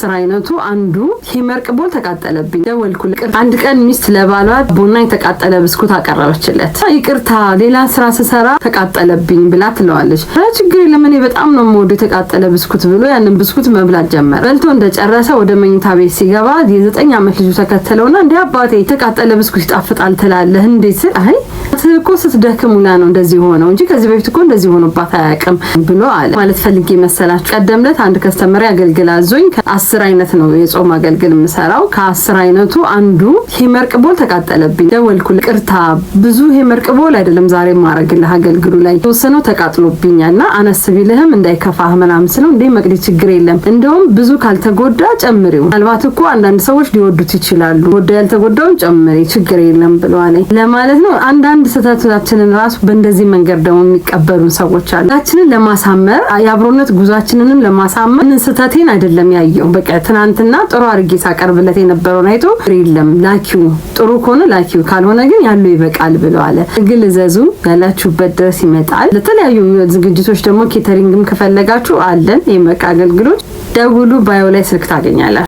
ስራ አይነቱ አንዱ ሂመርቅ ቦል ተቃጠለብኝ፣ ደወልኩልህ። አንድ ቀን ሚስት ለባሏ ቡና የተቃጠለ ብስኩት አቀረበችለት። ይቅርታ ሌላ ስራ ስሰራ ተቃጠለብኝ ብላ ትለዋለች። ችግር ለምን በጣም ነው የምወደው የተቃጠለ ብስኩት ብሎ ያንን ብስኩት መብላት ጀመረ። በልቶ እንደጨረሰ ወደ መኝታ ቤት ሲገባ የዘጠኝ ዓመት ልጁ ተከተለውና እንዲህ አባቴ የተቃጠለ ብስኩት ይጣፍጣል ትላለህ እንዴት ስል አይ እኮ ስትደክም ውላ ነው እንደዚህ ሆነው እንጂ ከዚህ በፊት እኮ እንደዚህ ሆኖባት አያውቅም ብሎ አለ። ማለት ፈልጌ መሰላችሁ ቀደም ዕለት አንድ ከስተመሪ አገልግል አዞኝ ከአስር አይነት ነው የጾም አገልግል የምሰራው። ከአስር አይነቱ አንዱ ሄመርቅ ቦል ተቃጠለብኝ። ደወልኩ፣ ቅርታ ብዙ ሄመርቅ ቦል አይደለም ዛሬ ማረግልህ አገልግሉ ላይ ተወሰነው ተቃጥሎብኛል እና አነስ ቢልህም እንዳይከፋህ ምናምን ስለው እንዴ መቅዲ ችግር የለም እንደውም ብዙ ካልተጎዳ ጨምሪው፣ ምናልባት እኮ አንዳንድ ሰዎች ሊወዱት ይችላሉ፣ ጎዳ ያልተጎዳውን ጨምሪ ችግር የለም ብለዋለኝ ለማለት ነው አንዳንድ አንዳንድ ስህተታችንን ራሱ በእንደዚህ መንገድ ደግሞ የሚቀበሉን ሰዎች አሉ። ችንን ለማሳመር የአብሮነት ጉዟችንንም ለማሳመር ምን ስህተቴን አይደለም ያየው በቃ ትናንትና ጥሩ አድርጌ ሳቀርብለት የነበረውን አይቶ የለም ላኪው ጥሩ ከሆነ ላኪው ካልሆነ ግን ያለው ይበቃል ብለው አለ። ግል ዘዙ ያላችሁበት ድረስ ይመጣል። ለተለያዩ ዝግጅቶች ደግሞ ኬተሪንግም ከፈለጋችሁ አለን። የመቃ አገልግሎት ደውሉ። ባዮ ላይ ስልክ ታገኛላችሁ።